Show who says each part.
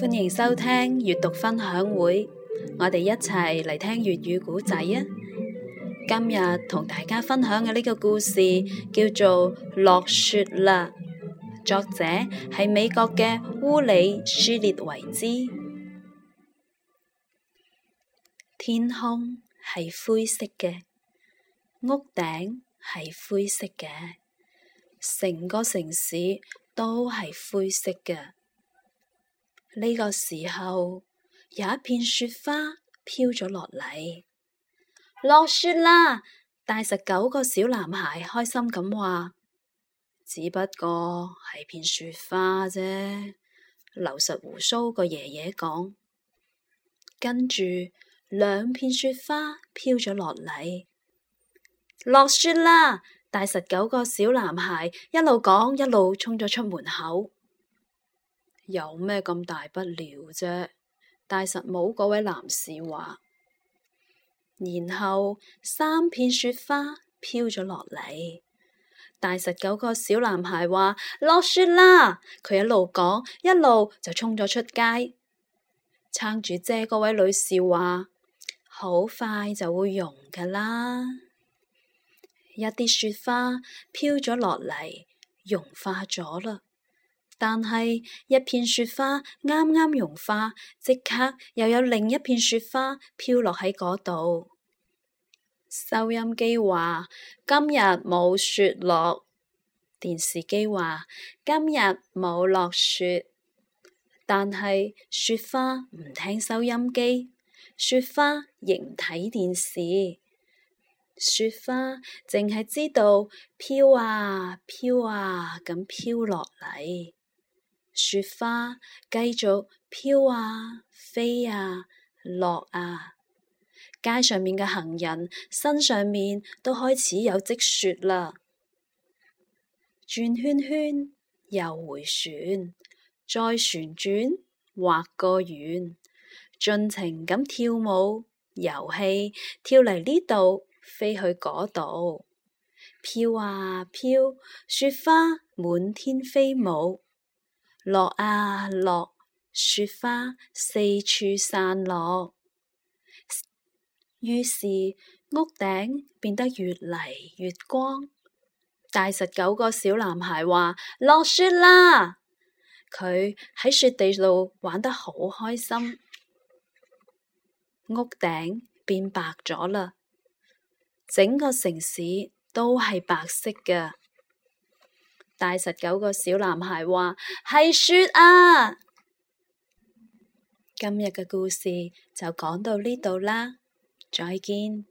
Speaker 1: 歡迎收聽閱讀分享會，我哋一齊嚟聽粵語古仔啊！今日同大家分享嘅呢個故事叫做《落雪啦》，作者係美國嘅烏里舒列維茨。天空係灰色嘅，屋頂係灰色嘅，成個城市都係灰色嘅。呢個時候，有一片雪花飄咗落嚟。落雪啦！大十九個小男孩開心咁話，只不過係片雪花啫。留實鬍鬚個爺爺講，跟住兩片雪花飄咗落嚟。落雪啦！大十九個小男孩一路講，一路沖咗出門口。有咩咁大不了啫？大實帽嗰位男士話，然後三片雪花飄咗落嚟。大實九個小男孩話：落雪啦！佢一路講，一路就衝咗出街。撐住遮嗰位女士話：好快就會融㗎啦！一啲雪花飄咗落嚟，融化咗啦。但係一片雪花啱啱融化，即刻又有另一片雪花飄落喺嗰度。收音機話今日冇雪落，電視機話今日冇落雪。但係雪花唔聽收音機，雪花亦唔睇電視，雪花淨係知道飄啊飄啊咁飄落嚟。雪花繼續飄啊，飛啊，落啊。街上面嘅行人身上面都開始有積雪啦。轉圈圈，又回旋，再旋轉，劃個圓，盡情咁跳舞遊戲，跳嚟呢度，飛去嗰度，飄啊飄，雪花滿天飛舞。落啊落，雪花四處散落，於是屋頂變得越嚟越光。大十九個小男孩話：落雪啦！佢喺雪地度玩得好開心，屋頂變白咗啦，整個城市都係白色嘅。大十九個小男孩話：係雪啊！今日嘅故事就講到呢度啦，再見。